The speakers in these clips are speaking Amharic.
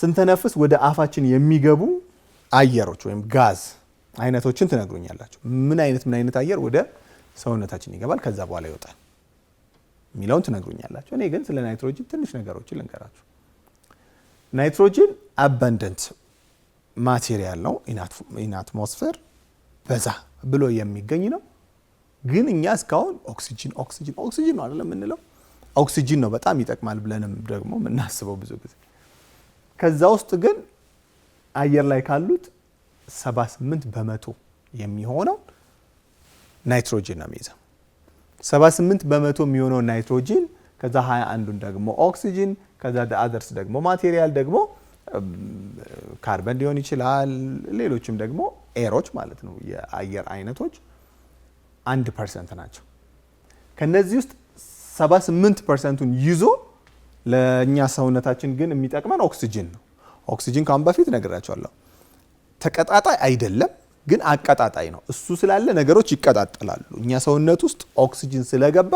ስንተነፍስ ወደ አፋችን የሚገቡ አየሮች ወይም ጋዝ አይነቶችን ትነግሩኛላችሁ። ምን አይነት ምን አይነት አየር ወደ ሰውነታችን ይገባል ከዛ በኋላ ይወጣል የሚለውን ትነግሩኛላችሁ። እኔ ግን ስለ ናይትሮጅን ትንሽ ነገሮችን ልንገራችሁ። ናይትሮጅን አባንደንት ማቴሪያል ነው። ኢን አትሞስፌር በዛ ብሎ የሚገኝ ነው። ግን እኛ እስካሁን ኦክሲጂን ኦክሲጂን ኦክሲጂን ነው አይደለም የምንለው። ኦክሲጂን ነው በጣም ይጠቅማል ብለንም ደግሞ የምናስበው ብዙ ጊዜ ከዛ ውስጥ ግን አየር ላይ ካሉት 78 በመቶ የሚሆነው ናይትሮጂን ነው የሚይዘው። 78 በመቶ የሚሆነው ናይትሮጂን ከዛ 21ዱን ደግሞ ኦክሲጂን ከዛ አደርስ ደግሞ ማቴሪያል ደግሞ ካርበን ሊሆን ይችላል፣ ሌሎችም ደግሞ ኤሮች ማለት ነው የአየር አይነቶች አንድ ፐርሰንት ናቸው። ከነዚህ ውስጥ 78 ፐርሰንቱን ይዞ ለእኛ ሰውነታችን ግን የሚጠቅመን ኦክስጅን ነው። ኦክስጅን ካሁን በፊት ነግራቸዋለሁ። ተቀጣጣይ አይደለም ግን አቀጣጣይ ነው። እሱ ስላለ ነገሮች ይቀጣጠላሉ። እኛ ሰውነት ውስጥ ኦክስጅን ስለገባ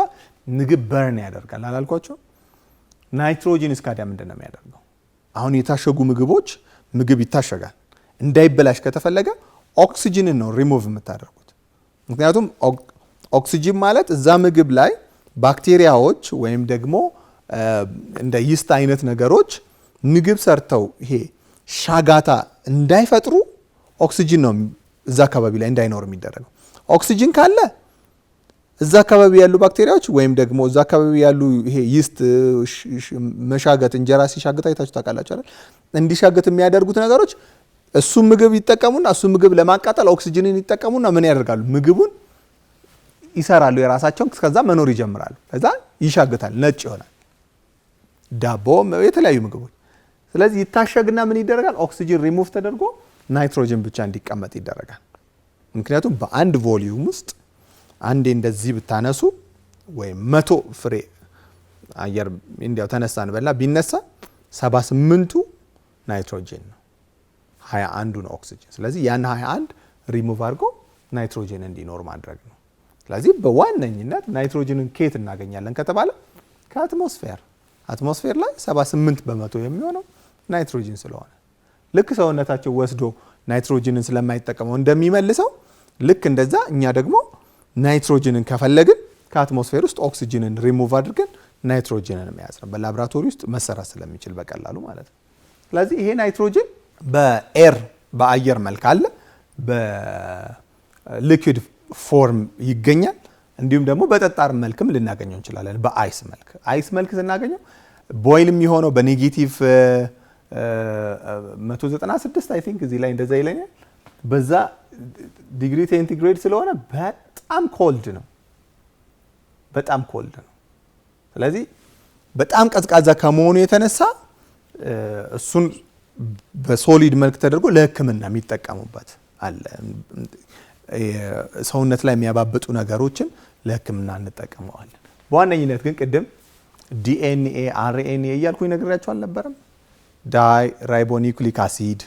ምግብ በርን ያደርጋል አላልኳቸው። ናይትሮጂን እስካዲያ ምንድን ነው የሚያደርገው? አሁን የታሸጉ ምግቦች ምግብ ይታሸጋል። እንዳይበላሽ ከተፈለገ ኦክስጅንን ነው ሪሙቭ የምታደርጉት። ምክንያቱም ኦክስጅን ማለት እዛ ምግብ ላይ ባክቴሪያዎች ወይም ደግሞ እንደ ይስት አይነት ነገሮች ምግብ ሰርተው ይሄ ሻጋታ እንዳይፈጥሩ ኦክሲጅን ነው እዛ አካባቢ ላይ እንዳይኖር የሚደረገው። ኦክሲጅን ካለ እዛ አካባቢ ያሉ ባክቴሪያዎች ወይም ደግሞ እዛ አካባቢ ያሉ ይሄ ይስት መሻገት እንጀራ ሲሻግት አይታችሁ ታውቃላችሁ አይደል? እንዲሻገት የሚያደርጉት ነገሮች እሱ ምግብ ይጠቀሙና እሱ ምግብ ለማቃጠል ኦክሲጅንን ይጠቀሙና ምን ያደርጋሉ? ምግቡን ይሰራሉ የራሳቸውን። ከዛ መኖር ይጀምራሉ። ከዛ ይሻግታል፣ ነጭ ይሆናል። ዳቦ፣ የተለያዩ ምግቦች። ስለዚህ ይታሸግና ምን ይደረጋል? ኦክሲጅን ሪሙቭ ተደርጎ ናይትሮጅን ብቻ እንዲቀመጥ ይደረጋል። ምክንያቱም በአንድ ቮሊዩም ውስጥ አንዴ እንደዚህ ብታነሱ ወይም መቶ ፍሬ አየር እንዲያው ተነሳን በላ ቢነሳ ሰባ ቱ ናይትሮጅን ነው፣ 21ዱ ነው ሀያ አንዱ ነው ኦክሲጅን ስለዚህ ያን አንድ ሪሙቭ አድርጎ ናይትሮጅን እንዲኖር ማድረግ ነው። ስለዚህ በዋነኝነት ናይትሮጅንን ከየት እናገኛለን ከተባለ ከአትሞስፌር አትሞስፌር ላይ 78 በመቶ የሚሆነው ናይትሮጂን ስለሆነ ልክ ሰውነታቸው ወስዶ ናይትሮጂንን ስለማይጠቀመው እንደሚመልሰው ልክ እንደዛ እኛ ደግሞ ናይትሮጂንን ከፈለግን ከአትሞስፌር ውስጥ ኦክሲጂንን ሪሙቭ አድርገን ናይትሮጂንን መያዝ ነው። በላብራቶሪ ውስጥ መሰራት ስለሚችል በቀላሉ ማለት ነው። ስለዚህ ይሄ ናይትሮጂን በኤር በአየር መልክ አለ፣ በሊኩድ ፎርም ይገኛል። እንዲሁም ደግሞ በጠጣር መልክም ልናገኘው እንችላለን። በአይስ መልክ አይስ መልክ ስናገኘው ቦይል የሚሆነው በኔጌቲቭ 196 አይ ቲንክ እዚህ ላይ እንደዛ ይለኛል። በዛ ዲግሪ ሴንቲግሬድ ስለሆነ በጣም ኮልድ ነው፣ በጣም ኮልድ ነው። ስለዚህ በጣም ቀዝቃዛ ከመሆኑ የተነሳ እሱን በሶሊድ መልክ ተደርጎ ለሕክምና የሚጠቀሙበት አለ። ሰውነት ላይ የሚያባብጡ ነገሮችን ለህክምና እንጠቀመዋለን። በዋነኝነት ግን ቅድም ዲኤንኤ አርኤንኤ እያልኩ ነግሬያቸው አልነበረም? ዳይ ራይቦኒኩሊክ አሲድ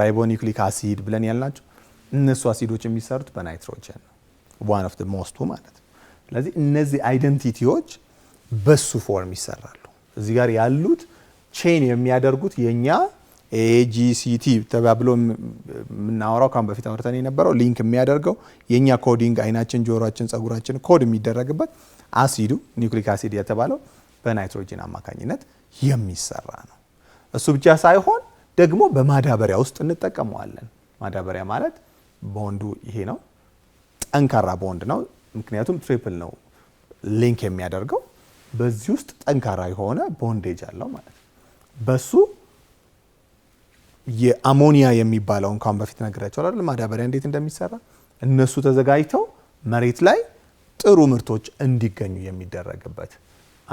ራይቦኒኩሊክ አሲድ ብለን ያልናቸው እነሱ አሲዶች የሚሰሩት በናይትሮጀን ነው። ዋን ኦፍ ሞስቱ ማለት ነው። ስለዚህ እነዚህ አይደንቲቲዎች በሱ ፎርም ይሰራሉ። እዚህ ጋር ያሉት ቼን የሚያደርጉት የእኛ ኤጂሲቲ ተባብሎ የምናወራው ካሁን በፊት አውርተን የነበረው ሊንክ የሚያደርገው የእኛ ኮዲንግ አይናችን፣ ጆሮችን፣ ጸጉራችን ኮድ የሚደረግበት አሲዱ ኒውክሊክ አሲድ የተባለው በናይትሮጂን አማካኝነት የሚሰራ ነው። እሱ ብቻ ሳይሆን ደግሞ በማዳበሪያ ውስጥ እንጠቀመዋለን። ማዳበሪያ ማለት ቦንዱ ይሄ ነው። ጠንካራ ቦንድ ነው፣ ምክንያቱም ትሪፕል ነው ሊንክ የሚያደርገው። በዚህ ውስጥ ጠንካራ የሆነ ቦንዴጅ አለው ማለት ነው። በሱ የአሞኒያ የሚባለው እንኳን በፊት ነግራቸዋል አይደል? ማዳበሪያ እንዴት እንደሚሰራ እነሱ ተዘጋጅተው መሬት ላይ ጥሩ ምርቶች እንዲገኙ የሚደረግበት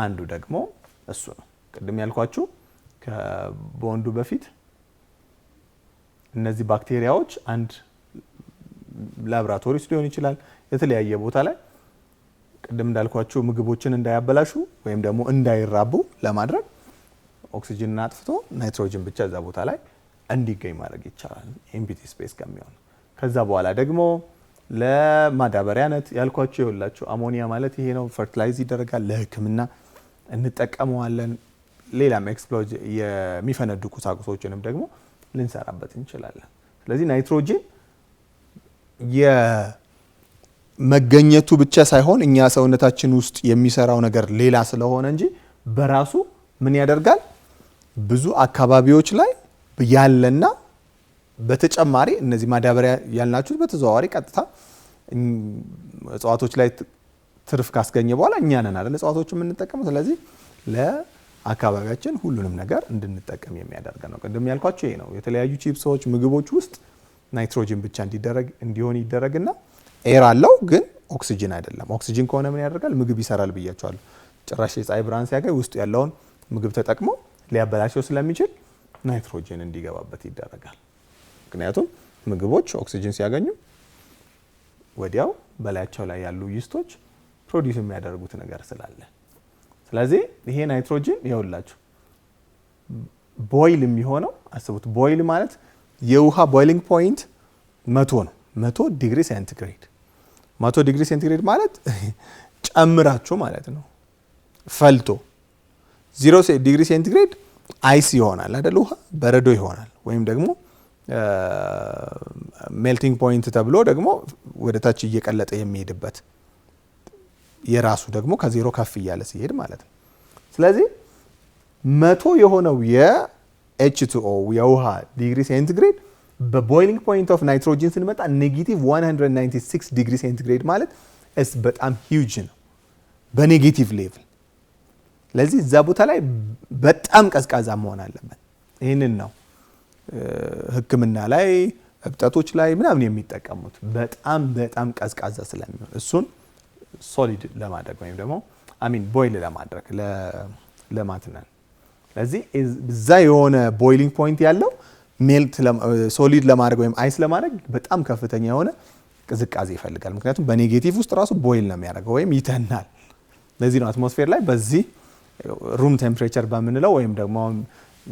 አንዱ ደግሞ እሱ ነው። ቅድም ያልኳችሁ ከቦንዱ በፊት እነዚህ ባክቴሪያዎች አንድ ላብራቶሪ ውስጥ ሊሆን ይችላል፣ የተለያየ ቦታ ላይ ቅድም እንዳልኳችሁ ምግቦችን እንዳያበላሹ ወይም ደግሞ እንዳይራቡ ለማድረግ ኦክሲጅንን አጥፍቶ ናይትሮጅን ብቻ እዛ ቦታ ላይ እንዲገኝ ማድረግ ይቻላል። ኤምፒቲ ስፔስ ከሚሆን ከዛ በኋላ ደግሞ ለማዳበሪያነት ያልኳቸው የወላቸው አሞኒያ ማለት ይሄ ነው። ፈርቲላይዝ ይደረጋል። ለህክምና እንጠቀመዋለን። ሌላም ኤክስፕሎጅ የሚፈነዱ ቁሳቁሶችንም ደግሞ ልንሰራበት እንችላለን። ስለዚህ ናይትሮጂን የመገኘቱ ብቻ ሳይሆን እኛ ሰውነታችን ውስጥ የሚሰራው ነገር ሌላ ስለሆነ እንጂ በራሱ ምን ያደርጋል ብዙ አካባቢዎች ላይ ያለና በተጨማሪ እነዚህ ማዳበሪያ ያልናችሁት በተዘዋዋሪ ቀጥታ እጽዋቶች ላይ ትርፍ ካስገኘ በኋላ እኛ ነን አይደል እጽዋቶች የምንጠቀመው። ስለዚህ ለአካባቢያችን ሁሉንም ነገር እንድንጠቀም የሚያደርገ ነው። ቅድም ያልኳቸው ይሄ ነው። የተለያዩ ቺፕሶች፣ ምግቦች ውስጥ ናይትሮጅን ብቻ እንዲደረግ እንዲሆን ይደረግና ኤር አለው ግን ኦክሲጅን አይደለም። ኦክሲጅን ከሆነ ምን ያደርጋል? ምግብ ይሰራል ብያቸዋለሁ። ጭራሽ የፀሐይ ብርሃን ሲያገኝ ውስጡ ያለውን ምግብ ተጠቅሞ ሊያበላሸው ስለሚችል ናይትሮጅን እንዲገባበት ይደረጋል። ምክንያቱም ምግቦች ኦክሲጅን ሲያገኙ ወዲያው በላያቸው ላይ ያሉ ይስቶች ፕሮዲስ የሚያደርጉት ነገር ስላለ፣ ስለዚህ ይሄ ናይትሮጅን ይኸውላችሁ ቦይል የሚሆነው አስቡት። ቦይል ማለት የውሃ ቦይሊንግ ፖይንት መቶ ነው። መቶ ዲግሪ ሴንቲግሬድ መቶ ዲግሪ ሴንቲግሬድ ማለት ጨምራችሁ ማለት ነው። ፈልቶ ዜሮ ዲግሪ ሴንቲግሬድ አይስ ይሆናል አይደል? ውሃ በረዶ ይሆናል ወይም ደግሞ ሜልቲንግ ፖይንት ተብሎ ደግሞ ወደ ታች እየቀለጠ የሚሄድበት የራሱ ደግሞ ከዜሮ ከፍ እያለ ሲሄድ ማለት ነው። ስለዚህ መቶ የሆነው የኤችቱኦ የውሃ ዲግሪ ሴንቲግሬድ በቦይሊንግ ፖይንት ኦፍ ናይትሮጂን ስንመጣ ኔጌቲቭ 196 ዲግሪ ሴንቲግሬድ ማለት እስ በጣም ሂውጅ ነው በኔጌቲቭ ሌቭል ለዚህ እዛ ቦታ ላይ በጣም ቀዝቃዛ መሆን አለበት። ይህንን ነው ሕክምና ላይ እብጠቶች ላይ ምናምን የሚጠቀሙት በጣም በጣም ቀዝቃዛ ስለሚሆን እሱን ሶሊድ ለማድረግ ወይም ደግሞ አሚን ቦይል ለማድረግ ለማትነን። ስለዚህ እዛ የሆነ ቦይሊንግ ፖይንት ያለው ሜልት ሶሊድ ለማድረግ ወይም አይስ ለማድረግ በጣም ከፍተኛ የሆነ ቅዝቃዜ ይፈልጋል። ምክንያቱም በኔጌቲቭ ውስጥ ራሱ ቦይል ነው የሚያደርገው ወይም ይተናል። ለዚህ ነው አትሞስፌር ላይ በዚህ ሩም ቴምፕሬቸር በምንለው ወይም ደግሞ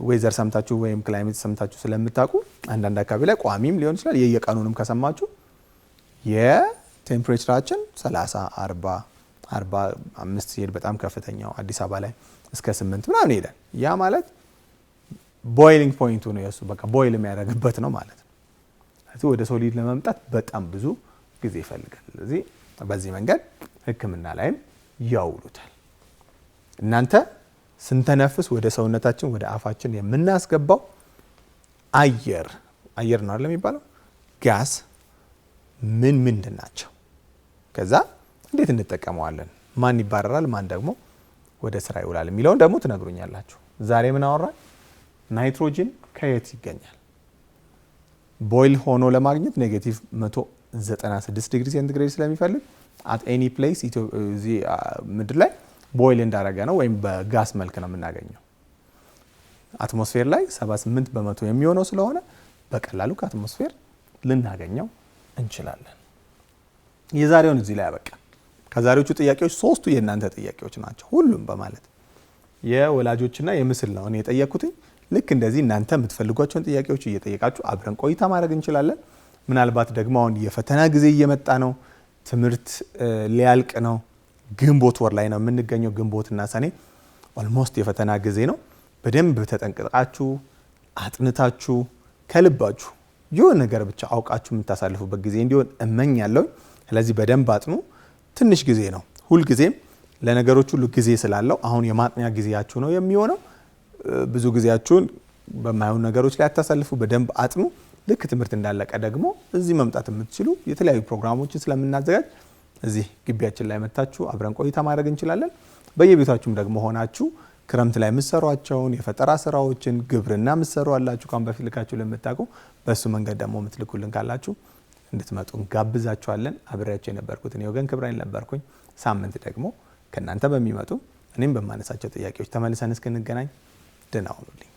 ዌዘር ሰምታችሁ ወይም ክላይሜት ሰምታችሁ ስለምታውቁ አንዳንድ አካባቢ ላይ ቋሚም ሊሆን ይችላል። የየቀኑንም ከሰማችሁ የቴምፕሬቸራችን 30፣ 40፣ 45 ሲሄድ በጣም ከፍተኛው አዲስ አበባ ላይ እስከ 8 ምናምን ይሄዳል። ያ ማለት ቦይሊንግ ፖይንቱ ነው የሱ በቃ ቦይል የሚያደርግበት ነው ማለት ነው። ስለዚህ ወደ ሶሊድ ለመምጣት በጣም ብዙ ጊዜ ይፈልጋል። ስለዚህ በዚህ መንገድ ሕክምና ላይም ያውሉታል። እናንተ ስንተነፍስ ወደ ሰውነታችን ወደ አፋችን የምናስገባው አየር አየር ነው አይደል የሚባለው ጋስ ምን ምንድን ናቸው? ከዛ እንዴት እንጠቀመዋለን? ማን ይባረራል? ማን ደግሞ ወደ ስራ ይውላል? የሚለውን ደግሞ ትነግሩኛላችሁ። ዛሬ ምን አወራን? ናይትሮጂን ከየት ይገኛል? ቦይል ሆኖ ለማግኘት ኔጌቲቭ 196 ዲግሪ ሴንቲግሬድ ስለሚፈልግ አት ኤኒ ፕሌስ ምድር ላይ ቦይል እንዳረገ ነው ወይም በጋስ መልክ ነው የምናገኘው። አትሞስፌር ላይ 78 በመቶ የሚሆነው ስለሆነ በቀላሉ ከአትሞስፌር ልናገኘው እንችላለን። የዛሬውን እዚህ ላይ ያበቃ። ከዛሬዎቹ ጥያቄዎች ሶስቱ የእናንተ ጥያቄዎች ናቸው። ሁሉም በማለት የወላጆችና የምስል ነው እኔ የጠየቅኩትኝ። ልክ እንደዚህ እናንተ የምትፈልጓቸውን ጥያቄዎች እየጠየቃችሁ አብረን ቆይታ ማድረግ እንችላለን። ምናልባት ደግሞ አሁን የፈተና ጊዜ እየመጣ ነው፣ ትምህርት ሊያልቅ ነው። ግንቦት ወር ላይ ነው የምንገኘው። ግንቦትና ሰኔ ኦልሞስት የፈተና ጊዜ ነው። በደንብ ተጠንቅቃችሁ አጥንታችሁ ከልባችሁ የሆነ ነገር ብቻ አውቃችሁ የምታሳልፉበት ጊዜ እንዲሆን ያለው ስለዚህ በደንብ አጥኑ። ትንሽ ጊዜ ነው። ሁልጊዜም ለነገሮች ሁሉ ጊዜ ስላለው አሁን የማጥኛ ጊዜያችሁ ነው የሚሆነው። ብዙ ጊዜያችሁን በማይሆኑ ነገሮች ላይ አታሳልፉ። በደንብ አጥኑ። ልክ ትምህርት እንዳለቀ ደግሞ እዚህ መምጣት የምትችሉ የተለያዩ ፕሮግራሞችን ስለምናዘጋጅ እዚህ ግቢያችን ላይ መታችሁ አብረን ቆይታ ማድረግ እንችላለን። በየቤታችሁም ደግሞ ሆናችሁ ክረምት ላይ የምትሰሯቸውን የፈጠራ ስራዎችን ግብርና የምትሰሩ አላችሁ ካሁን በፊት ልካችሁ ለምታውቁ በእሱ መንገድ ደግሞ የምትልኩልን ካላችሁ እንድትመጡ እንጋብዛችኋለን። አብሬያቸው የነበርኩት እኔ ወገን ክብራይን ነበርኩኝ። ሳምንት ደግሞ ከእናንተ በሚመጡ እኔም በማነሳቸው ጥያቄዎች ተመልሰን እስክንገናኝ ደህና ሁኑልኝ።